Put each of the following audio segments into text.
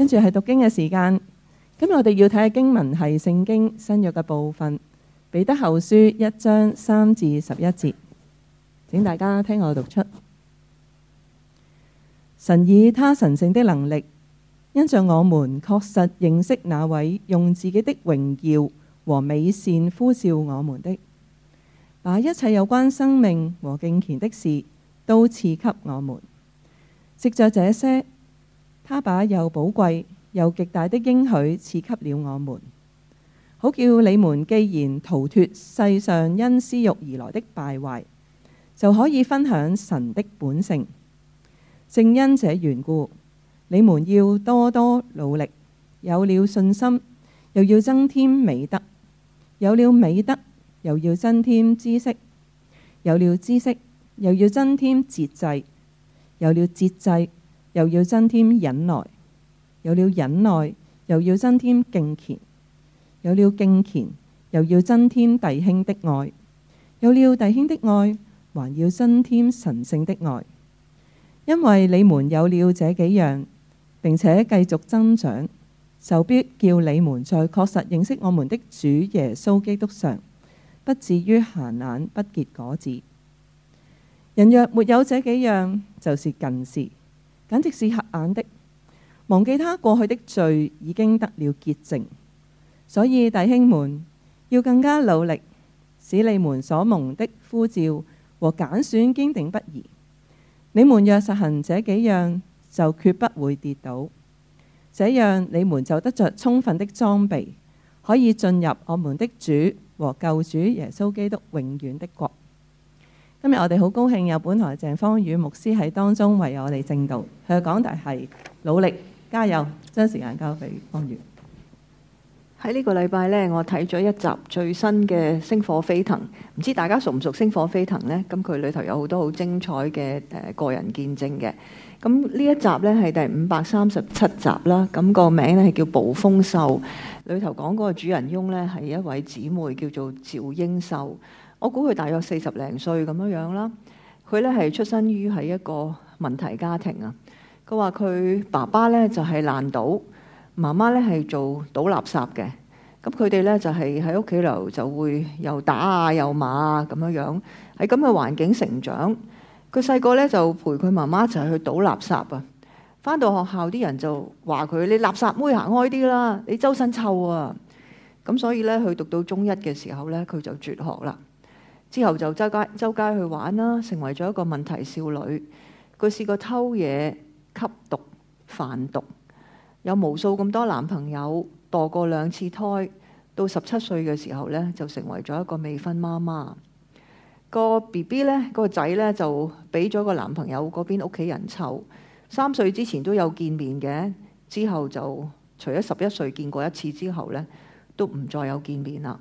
跟住係讀經嘅時間，今日我哋要睇下經文係聖經新約嘅部分，彼得後書一章三至十一節，請大家聽我讀出。神以他神聖的能力，因着我們，確實認識那位用自己的榮耀和美善呼召我們的，把一切有關生命和敬虔的事都賜給我們，藉着這些。他把又寶貴又極大的應許賜給了我們，好叫你們既然逃脫世上因私慾而來的敗壞，就可以分享神的本性。正因這緣故，你們要多多努力，有了信心，又要增添美德；有了美德，又要增添知識；有了知識，又要增添節制；有了節制。又要增添忍耐，有了忍耐又要增添敬虔，有了敬虔又要增添弟兄的愛，有了弟兄的愛還要增添神聖的愛。因為你們有了這幾樣，並且繼續增長，就必叫你們在確實認識我們的主耶穌基督上，不至於閒懶不結果子。人若沒有這幾樣，就是近視。簡直是瞎眼的！忘記他過去的罪已經得了潔淨，所以弟兄們要更加努力，使你們所蒙的呼召和揀選堅定不移。你們若實行這幾樣，就絕不會跌倒。這樣，你們就得着充分的裝備，可以進入我們的主和救主耶穌基督永遠的國。今日我哋好高興有本台鄭方宇牧師喺當中為我哋證道。佢講題係努力加油，將時間交俾方宇。喺呢個禮拜呢，我睇咗一集最新嘅《星火飛騰》，唔知大家熟唔熟《星火飛騰》呢？咁佢裏頭有好多好精彩嘅誒個人見證嘅。咁呢一集呢係第五百三十七集啦。咁個名呢係叫《暴風秀》，裏頭講嗰個主人翁呢係一位姊妹，叫做趙英秀。我估佢大約四十零歲咁樣樣啦。佢咧係出身於係一個問題家庭啊。佢話佢爸爸咧就係爛賭，媽媽咧係做倒垃圾嘅。咁佢哋咧就係喺屋企樓，就會又打啊又罵啊咁樣樣，喺咁嘅環境成長。佢細個咧就陪佢媽媽一齊去倒垃圾啊。返到學校啲人就話佢，你垃圾妹行開啲啦，你周身臭啊。咁所以咧佢讀到中一嘅時候咧，佢就輟學啦。之後就周街周街去玩啦，成為咗一個問題少女。佢試過偷嘢、吸毒、販毒，有無數咁多男朋友，墮過兩次胎。到十七歲嘅時候呢，就成為咗一個未婚媽媽。個 BB 呢，個仔呢，就俾咗個男朋友嗰邊屋企人湊。三歲之前都有見面嘅，之後就除咗十一歲見過一次之後呢，都唔再有見面啦。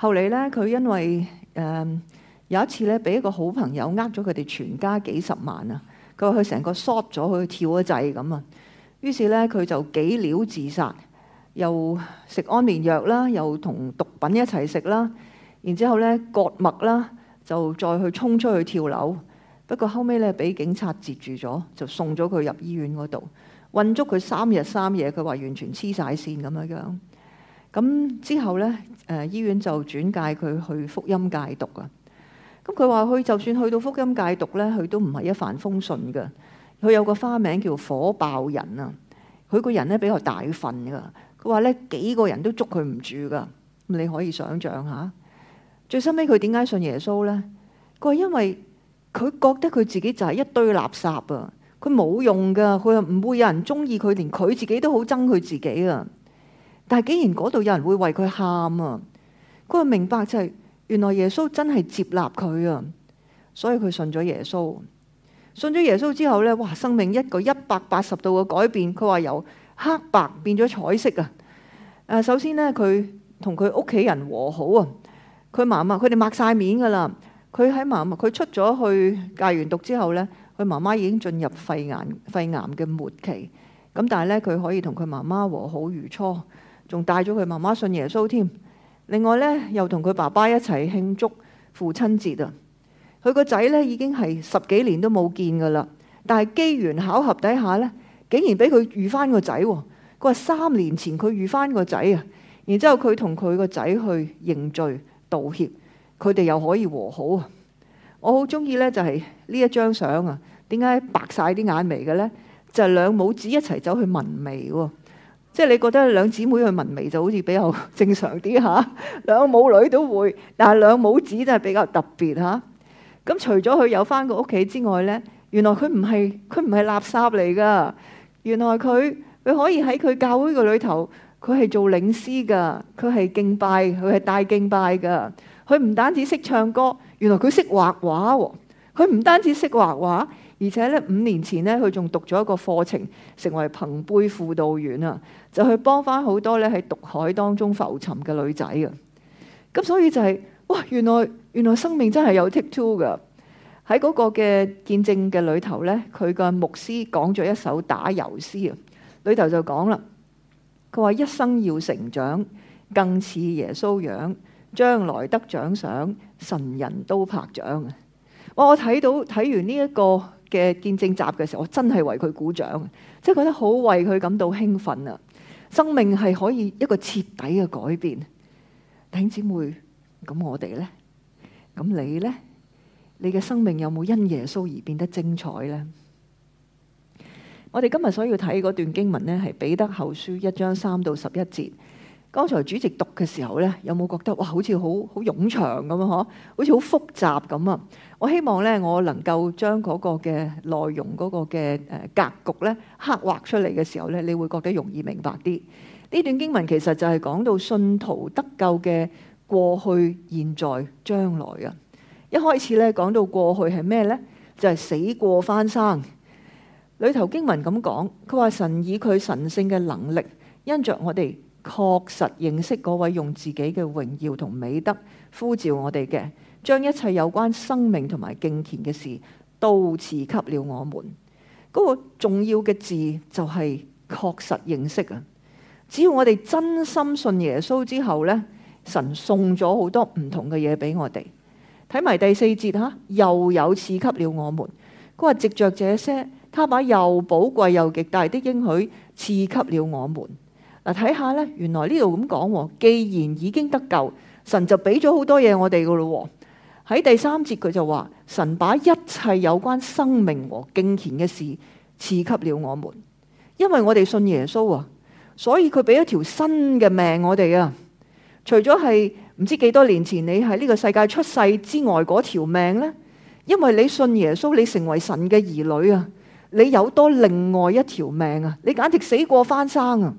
後嚟咧，佢因為誒、呃、有一次咧，俾一個好朋友呃咗佢哋全家幾十萬啊！佢話佢成個 short 咗，佢跳一滯咁啊。於是咧，佢就幾料自殺，又食安眠藥啦，又同毒品一齊食啦。然之後咧，割脈啦，就再去衝出去跳樓。不過後尾咧，俾警察截住咗，就送咗佢入醫院嗰度，困足佢三日三夜。佢話完全黐晒線咁樣樣。咁之後咧，誒醫院就轉介佢去福音戒毒啊。咁佢話佢就算去到福音戒毒咧，佢都唔係一帆風順嘅。佢有個花名叫火爆人啊。佢個人咧，比較大份噶。佢話咧，幾個人都捉佢唔住噶。你可以想象下，最收尾佢點解信耶穌咧？佢係因為佢覺得佢自己就係一堆垃圾啊。佢冇用噶。佢又唔會有人中意佢，連佢自己都好憎佢自己啊。但係，既然嗰度有人會為佢喊啊，佢就明白就係、是、原來耶穌真係接納佢啊，所以佢信咗耶穌。信咗耶穌之後咧，哇！生命一個一百八十度嘅改變。佢話由黑白變咗彩色啊。誒，首先咧，佢同佢屋企人和好啊。佢媽媽，佢哋擘晒面噶啦。佢喺媽媽，佢出咗去戒完毒之後咧，佢媽媽已經進入肺癌肺癌嘅末期，咁，但係咧，佢可以同佢媽媽和好如初。仲帶咗佢媽媽信耶穌添，另外咧又同佢爸爸一齊慶祝父親節啊！佢個仔咧已經係十幾年都冇見噶啦，但係機緣巧合底下咧，竟然俾佢遇翻個仔喎！佢話三年前佢遇翻個仔啊，然之後佢同佢個仔去認罪道歉，佢哋又可以和好啊！我好中意咧就係、是、呢一張相啊，點解白晒啲眼眉嘅咧？就係、是、兩母子一齊走去紋眉喎。即係你覺得兩姊妹去紋眉就好似比較正常啲嚇，兩、啊、 母女都會，但係兩母子真係比較特別嚇。咁、啊、除咗佢有翻個屋企之外咧，原來佢唔係佢唔係垃圾嚟㗎。原來佢佢可以喺佢教會個裏頭，佢係做領師㗎，佢係敬拜，佢係帶敬拜㗎。佢唔單止識唱歌，原來佢識畫畫喎。佢唔單止識畫畫，而且咧五年前咧，佢仲讀咗一個課程，成為朋輩輔導員啊，就去幫翻好多咧喺毒海當中浮沉嘅女仔啊。咁所以就係、是、哇，原來原來生命真係有 take two 噶。喺嗰個嘅見證嘅裏頭咧，佢嘅牧師講咗一首打油詩啊，裏頭就講啦，佢話一生要成長，更似耶穌樣，將來得獎賞，神人都拍掌。哇！我睇到睇完呢、這、一個嘅見證集嘅時候，我真係為佢鼓掌，即係覺得好為佢感到興奮啊！生命係可以一個徹底嘅改變，弟兄姊妹，咁我哋呢？咁你呢？你嘅生命有冇因耶穌而變得精彩呢？我哋今日所要睇嗰段經文呢，係彼得後書一章三到十一節。剛才主席讀嘅時候呢，有冇覺得哇？好似好好冗長咁啊！嗬，好似好複雜咁啊！我希望咧，我能夠將嗰個嘅內容、嗰、嗰個嘅誒格局咧刻畫出嚟嘅時候咧，你會覺得容易明白啲。呢段經文其實就係講到信徒得救嘅過去、現在、將來啊。一開始咧講到過去係咩呢？就係、係、死過翻生。裏頭經文咁講，佢話神以佢神性嘅能力因着我哋。確實認識嗰位用自己嘅榮耀同美德呼召我哋嘅，將一切有關生命同埋敬虔嘅事都賜給了我們。嗰、那個重要嘅字就係確實認識啊！只要我哋真心信耶穌之後咧，神送咗好多唔同嘅嘢俾我哋。睇埋第四節吓，又有賜給了我們。佢話藉着這些，他把又寶貴又極大的應許賜給了我們。睇下咧，原來呢度咁講喎。既然已經得救，神就俾咗好多嘢我哋噶咯喎。喺第三節佢就話：神把一切有關生命和敬虔嘅事賜給了我們，因為我哋信耶穌啊，所以佢俾一條新嘅命我哋啊。除咗係唔知幾多年前你喺呢個世界出世之外嗰條命呢，因為你信耶穌，你成為神嘅兒女啊，你有多另外一條命啊，你簡直死過翻生啊！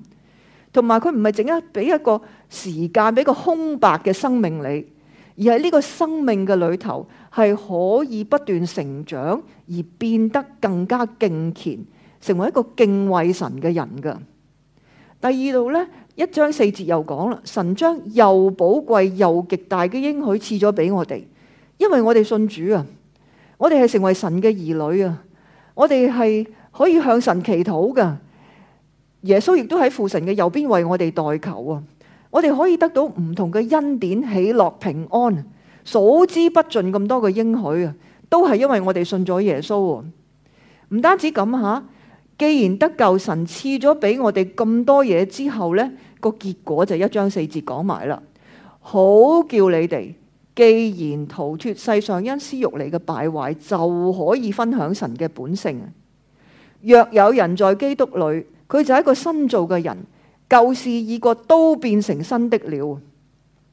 同埋佢唔係淨係俾一個時間俾個空白嘅生命你，而係呢個生命嘅裏頭係可以不斷成長而變得更加敬虔，成為一個敬畏神嘅人噶。第二度呢，一章四節又講啦，神將又寶貴又極大嘅應許賜咗俾我哋，因為我哋信主啊，我哋係成為神嘅兒女啊，我哋係可以向神祈禱噶。耶穌亦都喺父神嘅右邊為我哋代求啊！我哋可以得到唔同嘅恩典、喜樂、平安，數之不盡咁多嘅應許啊，都係因為我哋信咗耶穌。唔單止咁吓，既然得救，神賜咗俾我哋咁多嘢之後，呢個結果就一章四節講埋啦。好叫你哋，既然逃脫世上因私欲嚟嘅敗壞，就可以分享神嘅本性。若有人在基督裏。佢就係一個新造嘅人，舊事已過，都變成新的了。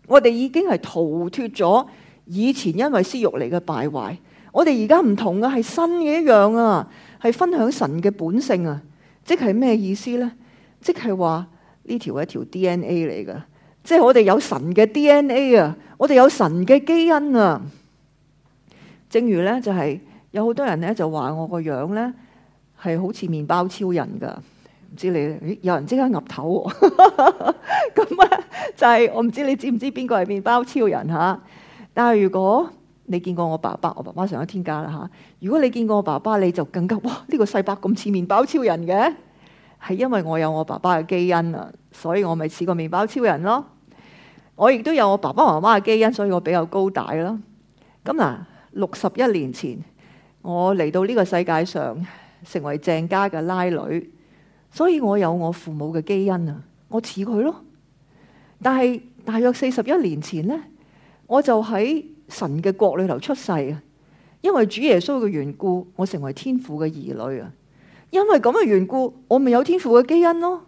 我哋已經係逃脱咗以前因為私欲嚟嘅敗壞。我哋而家唔同啊，係新嘅一樣啊，係分享神嘅本性啊。即係咩意思呢？即係話呢條係一條 D N A 嚟㗎，即係我哋有神嘅 D N A 啊，我哋有神嘅基因啊。正如呢，就係、是、有好多人呢，就話我個樣呢，係好似麵包超人噶。唔知你，有人即刻岌頭喎，啊，咁 咧就係、是，我唔知你知唔知邊個係麵包超人吓，啊？但係如果你見過我爸爸，我爸爸上咗天家啦吓。如果你見過我爸爸，你就更加哇！呢，這個世伯咁似麵包超人嘅，係因為我有我爸爸嘅基因啊，所以我咪似個麵包超人咯，啊。我亦都有我爸爸媽媽嘅基因，所以我比較高大咯。咁，啊，嗱，六十一年前我嚟到呢個世界上，成為鄭家嘅拉女。所以我有我父母嘅基因啊，我似佢咯。但係大約四十一年前咧，我就喺神嘅國裏頭出世啊。因為主耶穌嘅緣故，我成為天父嘅兒女啊。因為咁嘅緣故，我咪有天父嘅基因咯。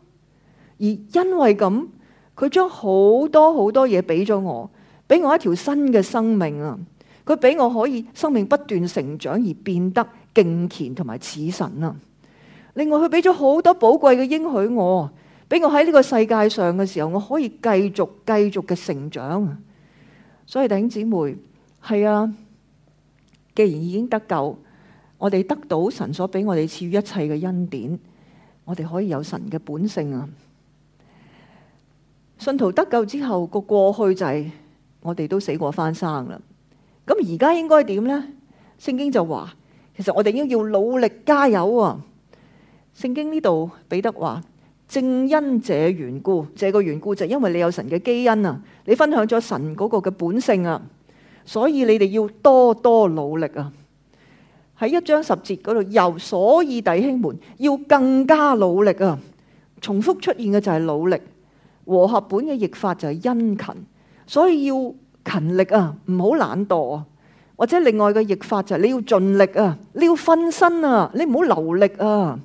而因為咁，佢將好多好多嘢俾咗我，俾我一條新嘅生命啊。佢俾我可以生命不斷成長而變得敬虔同埋似神啊。另外，佢俾咗好多寶貴嘅應許我，俾我喺呢個世界上嘅時候，我可以繼續繼續嘅成長。所以弟兄姊妹係啊，既然已經得救，我哋得到神所俾我哋賜予一切嘅恩典，我哋可以有神嘅本性啊！信徒得救之後，個過去就係、是、我哋都死過翻生啦。咁而家應該點呢？聖經就話，其實我哋應該要努力加油啊！聖經呢度彼得話：正因者緣故，這個緣故就因為你有神嘅基因啊，你分享咗神嗰個嘅本性啊，所以你哋要多多努力啊。喺一章十節嗰度由，所以弟兄們要更加努力啊。重複出現嘅就係努力，和合本嘅譯法就係殷勤，所以要勤力啊，唔好懶惰啊。或者另外嘅譯法就係你要盡力啊，你要分身啊，你唔好留力啊。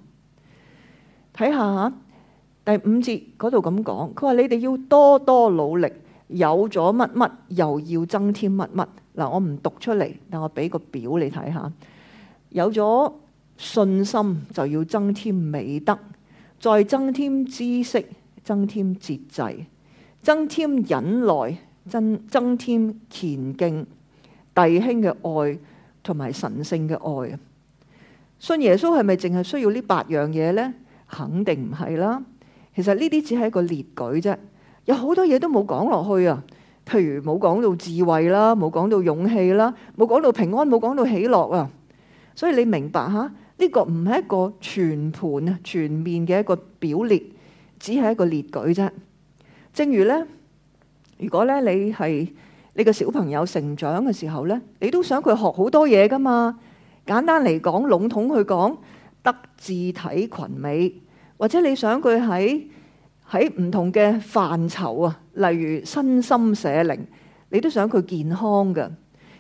睇下第五節嗰度咁講，佢話你哋要多多努力，有咗乜乜又要增添乜乜嗱。我唔讀出嚟，但我俾個表你睇下。有咗信心就要增添美德，再增添知識，增添節制，增添忍耐，增增添虔敬弟兄嘅愛同埋神聖嘅愛。信耶穌係咪淨係需要呢八樣嘢呢？肯定唔係啦，其實呢啲只係一個列舉啫，有好多嘢都冇講落去啊，譬如冇講到智慧啦，冇講到勇氣啦，冇講到平安，冇講到喜樂啊，所以你明白吓呢個唔係一個全盤啊全面嘅一個表列，只係一個列舉啫。正如呢，如果咧你係你個小朋友成長嘅時候呢，你都想佢學好多嘢噶嘛？簡單嚟講，籠統去講德智體群美。或者你想佢喺喺唔同嘅範疇啊，例如身心社靈，你都想佢健康㗎，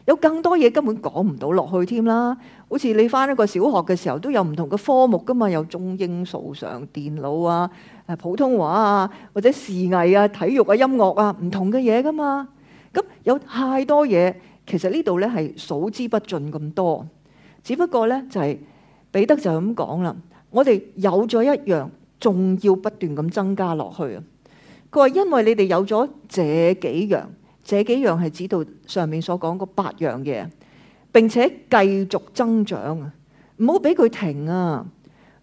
有更多嘢根本講唔到落去添啦。好似你返一個小學嘅時候，都有唔同嘅科目㗎嘛，有中英數上電腦啊、誒普通話啊，或者視藝啊、體育啊、音樂啊，唔同嘅嘢㗎嘛。咁有太多嘢，其實呢度咧係數之不盡咁多。只不過咧就係、是、彼得就咁講啦。我哋有咗一樣，仲要不斷咁增加落去啊！佢話因為你哋有咗這幾樣，這幾樣係指到上面所講嗰八樣嘢，並且繼續增長啊！唔好俾佢停啊！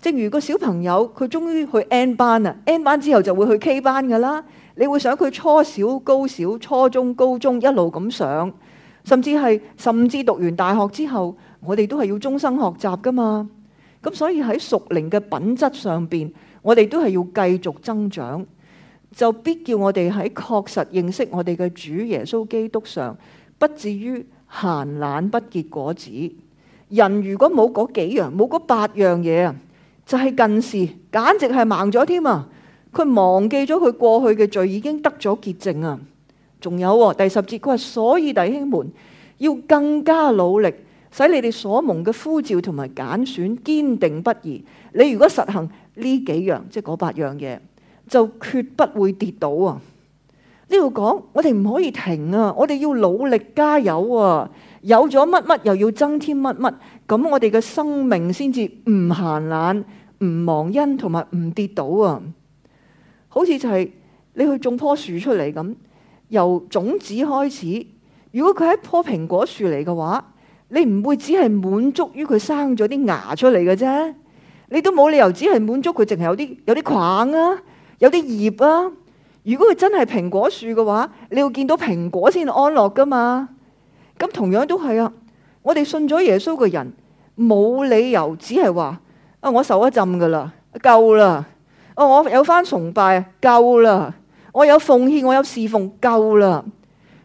正如個小朋友，佢終於去 N 班啊，N 班之後就會去 K 班噶啦。你會想佢初小、高小、初中、高中一路咁上，甚至係甚至讀完大學之後，我哋都係要終生學習噶嘛。咁所以喺屬靈嘅品質上邊，我哋都係要繼續增長，就必叫我哋喺確實認識我哋嘅主耶穌基督上，不至於閒懶不結果子。人如果冇嗰幾樣，冇嗰八樣嘢啊，就係、是、近視，簡直係盲咗添啊！佢忘記咗佢過去嘅罪已經得咗潔淨啊！仲有第十節佢話，所以弟兄們要更加努力。使你哋所蒙嘅呼召同埋揀選堅定不移。你如果實行呢幾樣，即係嗰八樣嘢，就決不會跌倒啊！呢度講，我哋唔可以停啊！我哋要努力加油啊！有咗乜乜，又要增添乜乜，咁我哋嘅生命先至唔閒懶、唔忘恩同埋唔跌倒啊！好似就係你去種棵樹出嚟咁，由種子開始。如果佢係一棵蘋果樹嚟嘅話，你唔會只係滿足於佢生咗啲芽出嚟嘅啫，你都冇理由只係滿足佢淨係有啲有啲框啊，有啲葉啊。如果佢真係蘋果樹嘅話，你要見到蘋果先安樂噶嘛。咁同樣都係啊，我哋信咗耶穌嘅人，冇理由只係話啊我受一浸噶啦，夠啦。哦，我有返崇拜，夠啦。我有奉獻，我有侍奉，夠啦。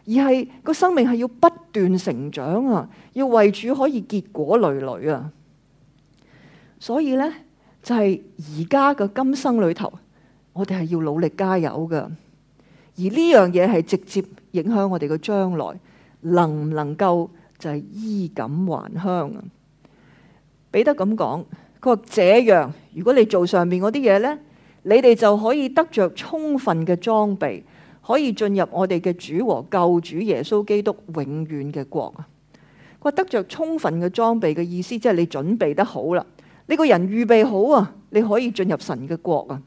而係個生命係要不斷成長啊，要為主可以結果累累啊。所以呢，就係而家個今生裏頭，我哋係要努力加油噶。而呢樣嘢係直接影響我哋嘅將來，能唔能夠就係衣錦還鄉啊？彼得咁講，佢話這樣，如果你做上面嗰啲嘢呢，你哋就可以得着充分嘅裝備。可以進入我哋嘅主和救主耶穌基督永遠嘅國啊！佢話得着充分嘅裝備嘅意思，即係你準備得好啦，你個人預備好啊，你可以進入神嘅國啊！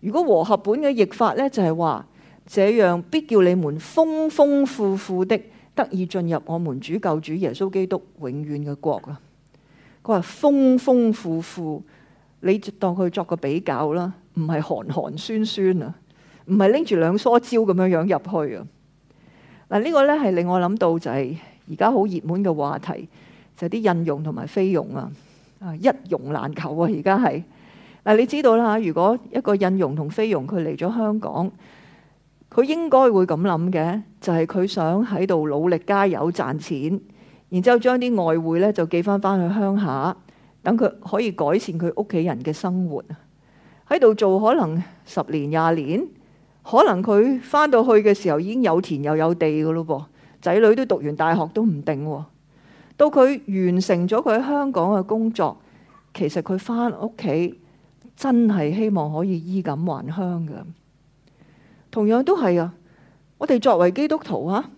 如果和合本嘅譯法咧，就係話這樣必叫你們豐豐富富的得以進入我們主救主耶穌基督永遠嘅國啊！佢話豐豐富富，你就當佢作個比較啦，唔係寒寒酸酸啊！唔係拎住兩梳蕉咁樣樣入去啊！嗱，呢個呢係令我諗到就係而家好熱門嘅話題，就係啲印傭同埋菲傭啊！啊，一傭難求啊！而家係嗱，你知道啦，如果一個印傭同菲傭佢嚟咗香港，佢應該會咁諗嘅，就係佢想喺度努力加油賺錢，然之後將啲外匯呢就寄翻翻去鄉下，等佢可以改善佢屋企人嘅生活。喺度做可能十年廿年。可能佢翻到去嘅時候已經有田又有地嘅咯噃，仔女都讀完大學都唔定喎。到佢完成咗佢喺香港嘅工作，其實佢翻屋企真係希望可以衣錦還鄉嘅。同樣都係啊，我哋作為基督徒啊，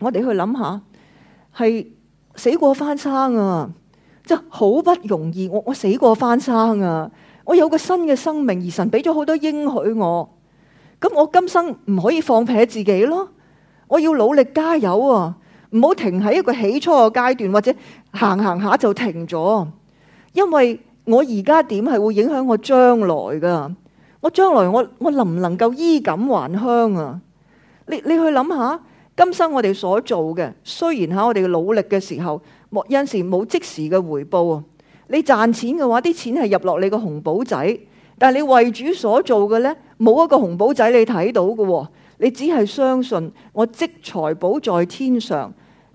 我哋去諗下，係死過翻生啊，真係好不容易。我我死過翻生啊，我有個新嘅生命，而神俾咗好多應許我。咁我今生唔可以放棄自己咯，我要努力加油啊！唔好停喺一個起初嘅階段，或者行行下就停咗。因為我而家點係會影響我將來噶，我將來我我能唔能夠衣錦還鄉啊？你你去諗下，今生我哋所做嘅，雖然喺我哋努力嘅時候，有陣時冇即時嘅回報啊。你賺錢嘅話，啲錢係入落你個紅簿仔，但係你為主所做嘅呢，冇一個紅寶仔你睇到嘅，你只係相信我積財寶在天上，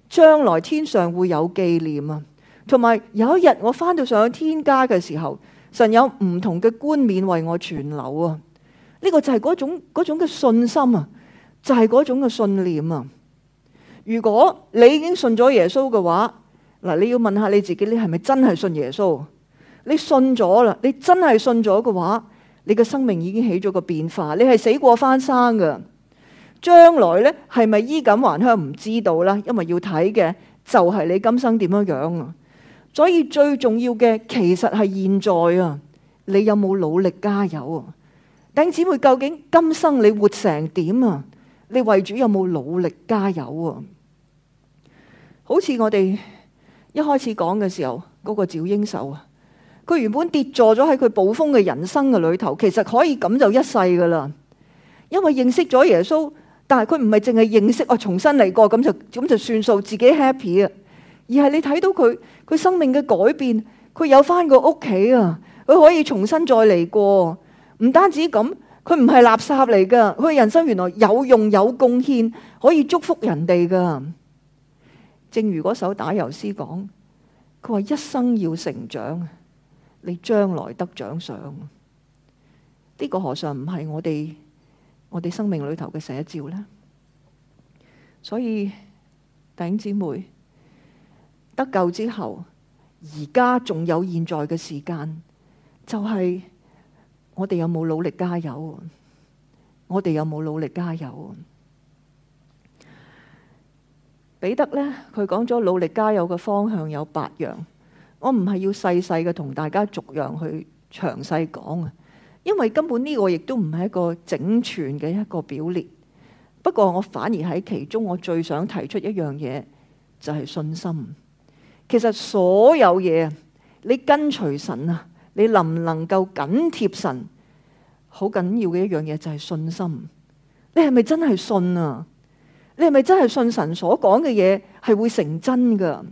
將來天上會有紀念啊。同埋有一日我翻到上去天家嘅時候，神有唔同嘅冠冕為我存留啊。呢個就係嗰種嗰種嘅信心啊，就係嗰種嘅信念啊。如果你已經信咗耶穌嘅話，嗱，你要問下你自己，你係咪真係信耶穌？你信咗啦，你真係信咗嘅話。你嘅生命已經起咗個變化，你係死過翻生嘅，將來呢，係咪衣錦還鄉唔知道啦，因為要睇嘅就係你今生點樣樣啊。所以最重要嘅其實係現在啊，你有冇努力加油啊？弟兄姊妹，究竟今生你活成點啊？你為主有冇努力加油啊？好似我哋一開始講嘅時候，嗰個趙英秀啊。佢原本跌坐咗喺佢捕風嘅人生嘅裏頭，其實可以咁就一世噶啦。因為認識咗耶穌，但係佢唔係淨係認識哦、啊，重新嚟過咁就咁就算數，自己 happy 啊。而係你睇到佢佢生命嘅改變，佢有翻個屋企啊，佢可以重新再嚟過。唔單止咁，佢唔係垃圾嚟噶，佢人生原來有用有貢獻，可以祝福人哋噶。正如嗰首打油詩講，佢話一生要成長。你將來得獎賞，呢、這個何嘗唔係我哋我哋生命裏頭嘅寫照咧？所以弟兄姊妹得救之後，而家仲有現在嘅時間，就係、是、我哋有冇努力加油？我哋有冇努力加油？彼得呢，佢講咗努力加油嘅方向有八樣。我唔係要細細嘅同大家逐樣去詳細講啊，因為根本呢個亦都唔係一個整全嘅一個表列。不過我反而喺其中，我最想提出一樣嘢就係信心。其實所有嘢，你跟隨神啊，你能唔能夠緊貼神，好緊要嘅一樣嘢就係信心。你係咪真係信啊？你係咪真係信神所講嘅嘢係會成真㗎？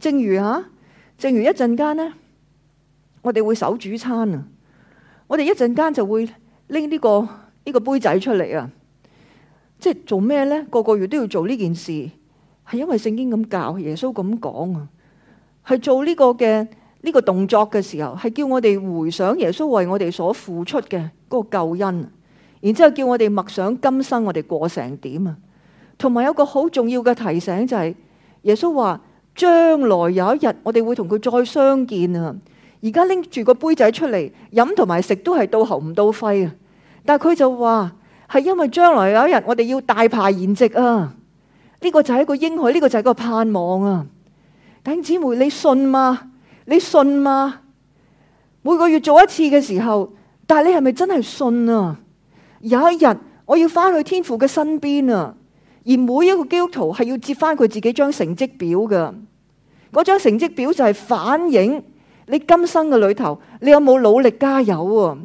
正如吓、啊。正如一陣間呢，我哋會守主餐啊！我哋一陣間就會拎呢、這個呢、這個杯仔出嚟啊！即係做咩呢？個個月都要做呢件事，係因為聖經咁教，耶穌咁講啊！係做呢個嘅呢、這個動作嘅時候，係叫我哋回想耶穌為我哋所付出嘅嗰個救恩，然之後叫我哋默想今生我哋過成點啊！同埋有個好重要嘅提醒就係、是、耶穌話。將來有一日，我哋會同佢再相見啊！而家拎住個杯仔出嚟飲同埋食都係到喉唔到肺啊！但係佢就話係因為將來有一日我哋要大排筵席啊！呢個就係一個英許，呢個就係個盼望啊！弟兄姊妹，你信嗎？你信嗎？每個月做一次嘅時候，但係你係咪真係信啊？有一日我要翻去天父嘅身邊啊！而每一個基督徒係要接翻佢自己張成績表嘅，嗰張成績表就係反映你今生嘅裏頭，你有冇努力加油啊？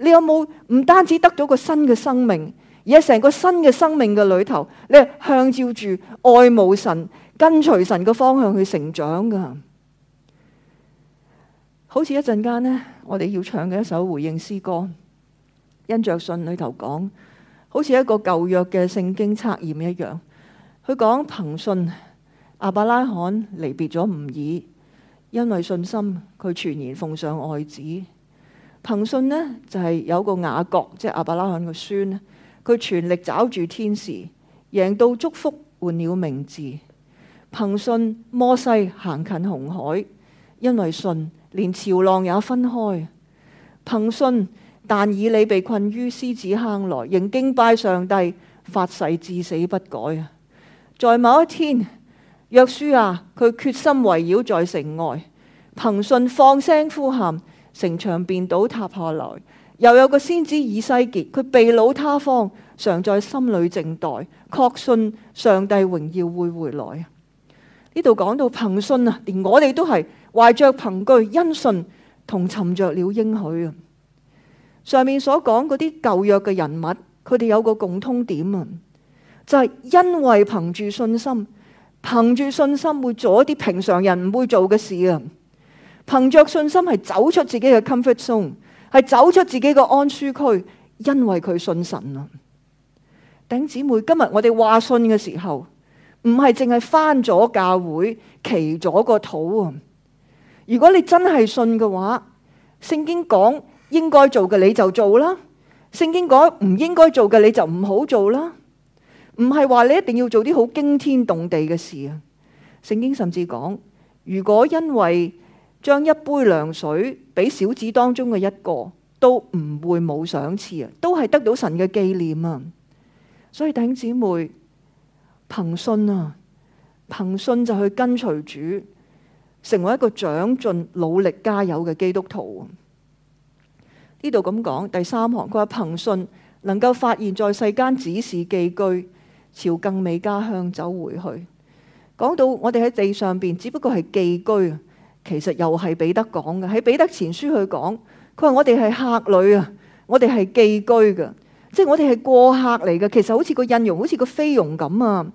你有冇唔單止得咗個新嘅生命，而係成個新嘅生命嘅裏頭，你係向照住愛慕神、跟隨神嘅方向去成長嘅。好似一陣間呢，我哋要唱嘅一首回應詩歌《因着信》裏頭講。好似一個舊約嘅聖經測驗一樣，佢講憑信亞伯拉罕離別咗吾珥，因為信心佢全然奉上愛子。憑信呢，就係、是、有個雅各，即係亞伯拉罕嘅孫，佢全力抓住天使，贏到祝福換了名字。憑信摩西行近紅海，因為信連潮浪也分開。憑信。但以理被困於獅子坑內，仍敬拜上帝發誓至死不改啊！在某一天，約書亞佢決心圍繞在城外，憑信放聲呼喊，城牆便倒塌下來。又有個先知以西結，佢被擄他方，常在心裏靜待，確信上帝榮耀會回來。呢度講到憑信啊，連我哋都係懷着憑據，因信同尋着了應許啊！上面所講嗰啲舊約嘅人物，佢哋有個共通點啊，就係因為憑住信心，憑住信心會做一啲平常人唔會做嘅事啊。憑着信心係走出自己嘅 comfort zone，係走出自己嘅安舒區，因為佢信神啊。頂姊妹，今日我哋話信嘅時候，唔係淨係返咗教會，企咗個肚啊。如果你真係信嘅話，聖經講，應該做嘅你就做啦，聖經講唔應該做嘅你就唔好做啦。唔係話你一定要做啲好驚天動地嘅事啊。聖經甚至講，如果因為將一杯涼水俾小子當中嘅一個，都唔會冇賞賜啊，都係得到神嘅紀念啊。所以頂姊妹，憑信啊，憑信就去跟隨主，成為一個長進、努力、加油嘅基督徒。呢度咁講，第三行佢話：憑信能夠發現，在世間只是寄居，朝更美家鄉走回去。講到我哋喺地上邊，只不過係寄居，其實又係彼得講嘅。喺彼得前書去講，佢話我哋係客旅啊，我哋係寄居嘅，即係我哋係過客嚟嘅。其實好似個印傭，好似個菲傭咁啊，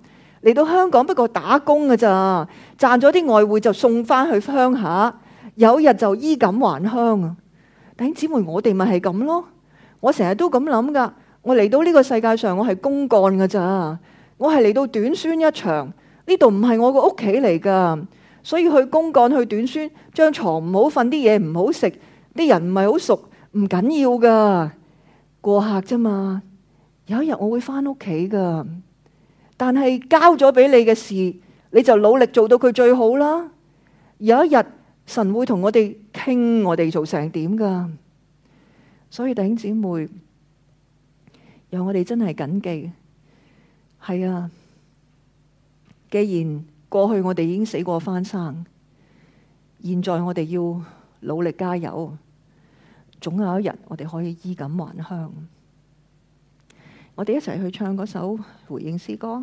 嚟到香港不過打工嘅咋，賺咗啲外匯就送翻去鄉下，有一日就衣錦還鄉啊！頂姊妹，我哋咪係咁咯，我成日都咁諗噶。我嚟到呢個世界上，我係公幹噶咋，我係嚟到短宣一場，呢度唔係我個屋企嚟噶，所以去公幹去短宣，張床唔好瞓，啲嘢唔好食，啲人唔係好熟，唔緊要噶，過客啫嘛。有一日我會翻屋企噶，但係交咗俾你嘅事，你就努力做到佢最好啦。有一日，神會同我哋傾，我哋做成點㗎？所以弟兄姊妹，讓我哋真係謹記。係啊，既然過去我哋已經死過翻生，現在我哋要努力加油，總有一日我哋可以衣錦還鄉。我哋一齊去唱嗰首回應詩歌。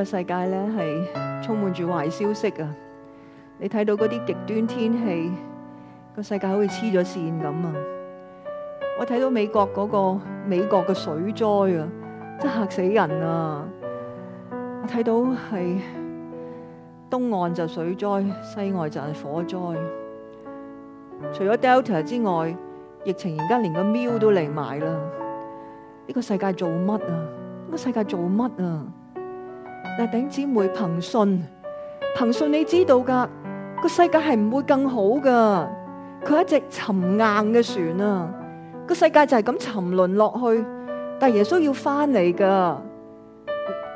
個世界咧係充滿住壞消息啊！你睇到嗰啲極端天氣，個世界好似黐咗線咁啊！我睇到美國嗰個美國嘅水災啊，真嚇死人啊！我睇到係東岸就水災，西岸就係火災。除咗 Delta 之外，疫情而家連個喵都嚟埋啦！呢個世界做乜啊？呢個世界做乜啊？這個那頂姊妹憑信，憑信你知道噶個世界係唔會更好噶，佢係一隻沉硬嘅船啊，個世界就係咁沉淪落去。但耶穌要翻嚟噶，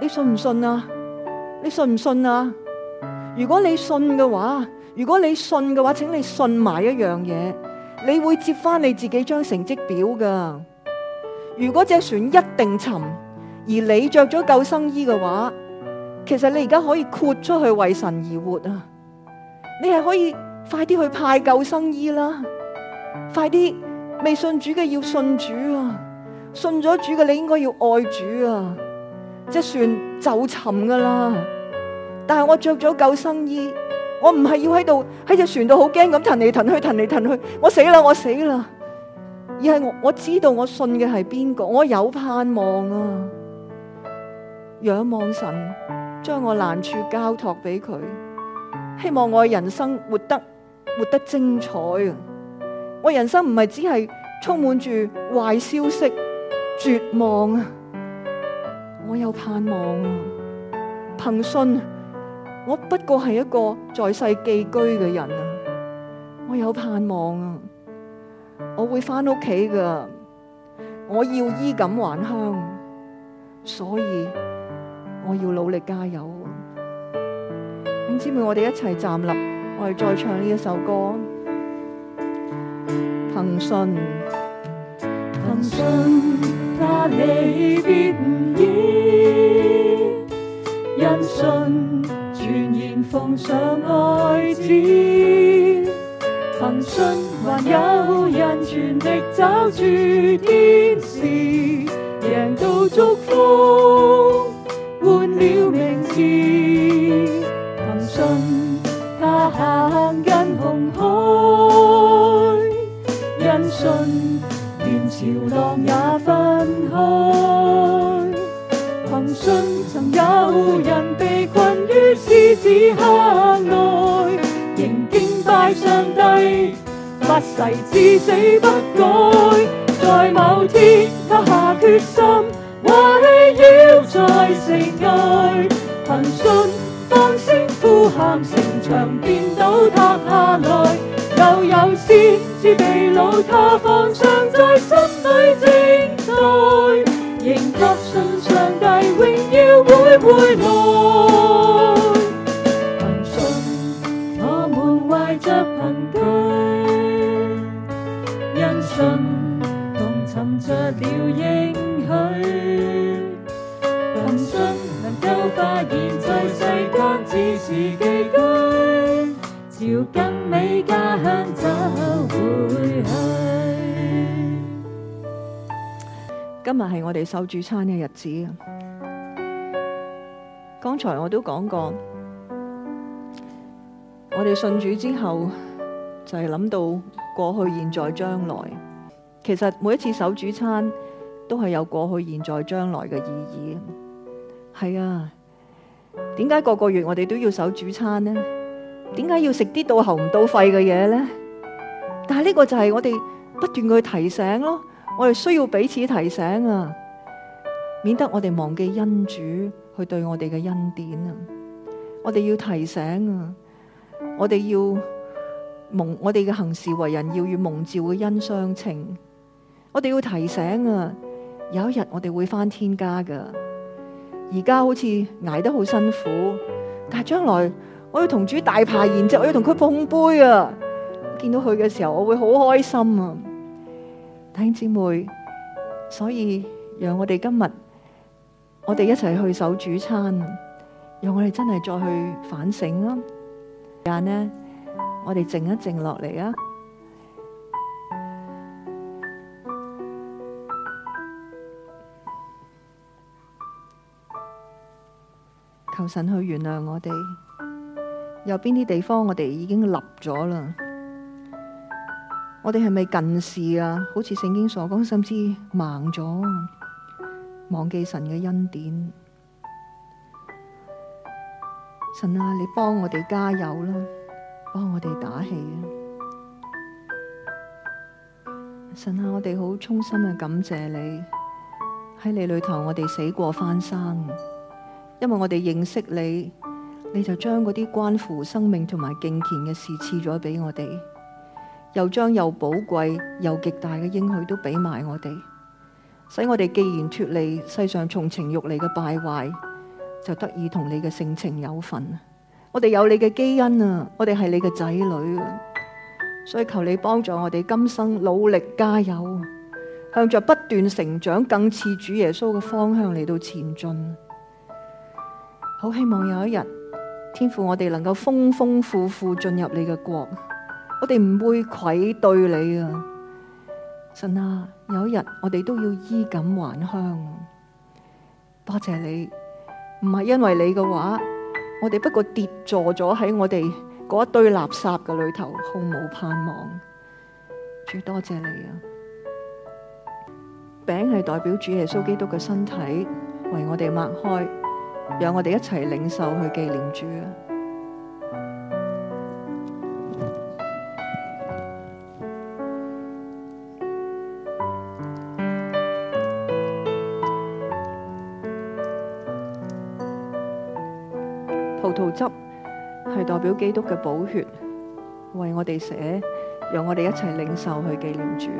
你信唔信啊？你信唔信啊？如果你信嘅話，如果你信嘅話，請你信埋一樣嘢，你會接翻你自己張成績表噶。如果隻船一定沉，而你着咗救生衣嘅話，其實你而家可以豁出去為神而活啊！你係可以快啲去派救生衣啦，快啲！未信主嘅要信主啊！信咗主嘅你應該要愛主啊！隻船就沉噶啦，但係我着咗救生衣，我唔係要喺度喺隻船度好驚咁騰嚟騰去騰嚟騰去，我死啦我死啦！而係我我知道我信嘅係邊個，我有盼望啊，仰望神。將我難處交託俾佢，希望我嘅人生活得活得精彩啊！我人生唔係只係充滿住壞消息、絕望啊！我有盼望啊！憑信，我不過係一個在世寄居嘅人啊！我有盼望啊！我會翻屋企噶，我要衣錦還鄉，所以。我要努力加油，兄姊妹，我哋一齊站立，我哋再唱呢一首歌。憑信，憑信，家裏別誤矣，因信全然奉上愛子，憑信還有人全力抓住天使，贏到祝福。憑信，他行近紅海；因信，連潮浪也分開。憑信，曾有人被困於獅子坑內，仍敬拜上帝，發誓至死不改。在某天，他下決心，圍繞在城外。能信放聲呼喊，城牆便倒塌下來，又有先知被擄，他方尚在心裏，正在仍確信上帝榮耀會回來。在世只是寄居，朝更美家鄉走回去。今日係我哋守主餐嘅日子啊！剛才我都講過，我哋信主之後就係諗到過去、現在、將來。其實每一次守主餐都係有過去、現在、將來嘅意義。係啊，點解個個月我哋都要守主餐呢？點解要食啲到喉唔到肺嘅嘢呢？但係呢個就係我哋不斷去提醒咯，我哋需要彼此提醒啊，免得我哋忘記恩主去對我哋嘅恩典啊。我哋要提醒啊，我哋要蒙，我哋嘅行事為人要與蒙召嘅恩相稱。我哋要提醒啊，有一日我哋會返天家㗎。而家好似捱得好辛苦，但係將來我要同主大排筵席，我要同佢碰杯啊！見到佢嘅時候，我會好開心啊！弟兄姊妹，所以讓我哋今日我哋一齊去守主餐，讓我哋真係再去反省啊！間呢，我哋靜一靜落嚟啊！神去原諒我哋，有邊啲地方我哋已經立咗啦？我哋係咪近視啊？好似聖經所講，甚至盲咗，忘記神嘅恩典。神啊，你幫我哋加油啦，幫我哋打氣啊！神啊，我哋好衷心嘅感謝你，喺你裏頭，我哋死過翻生。因為我哋認識你，你就將嗰啲關乎生命同埋敬虔嘅事賜咗俾我哋，又將又寶貴又極大嘅應許都俾埋我哋，使我哋既然脫離世上從情欲嚟嘅敗壞，就得以同你嘅性情有份。我哋有你嘅基因啊，我哋係你嘅仔女，啊，所以求你幫助我哋今生努力加油，向著不斷成長更似主耶穌嘅方向嚟到前進。好希望有一日，天父，我哋能夠豐豐富富進入你嘅國，我哋唔會愧對你啊！神啊，有一日我哋都要衣錦還鄉，多謝你！唔係因為你嘅話，我哋不過跌坐咗喺我哋嗰一堆垃圾嘅裏頭，毫無盼望。主多謝你啊！餅係代表主耶穌基督嘅身體，為我哋擘開。讓我哋一齊領受去紀念主啊！葡萄汁係代表基督嘅寶血，為我哋寫，讓我哋一齊領受去紀念主。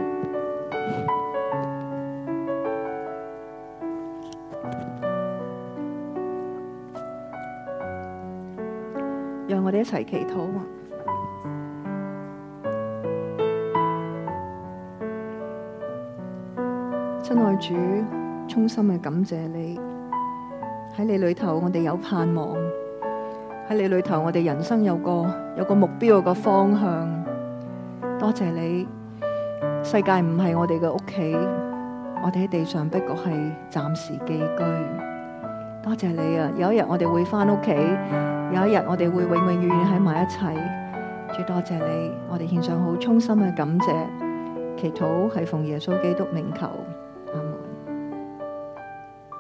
係祈禱，親愛主，衷心嘅感謝你。喺你裏頭，我哋有盼望，喺你裏頭，我哋人生有個有個目標有個方向。多謝你，世界唔係我哋嘅屋企，我哋喺地上不過係暫時寄居。多謝你啊！有一日我哋會返屋企，有一日我哋會永永遠遠喺埋一齊。主多謝你，我哋獻上好衷心嘅感謝，祈禱係奉耶穌基督名求。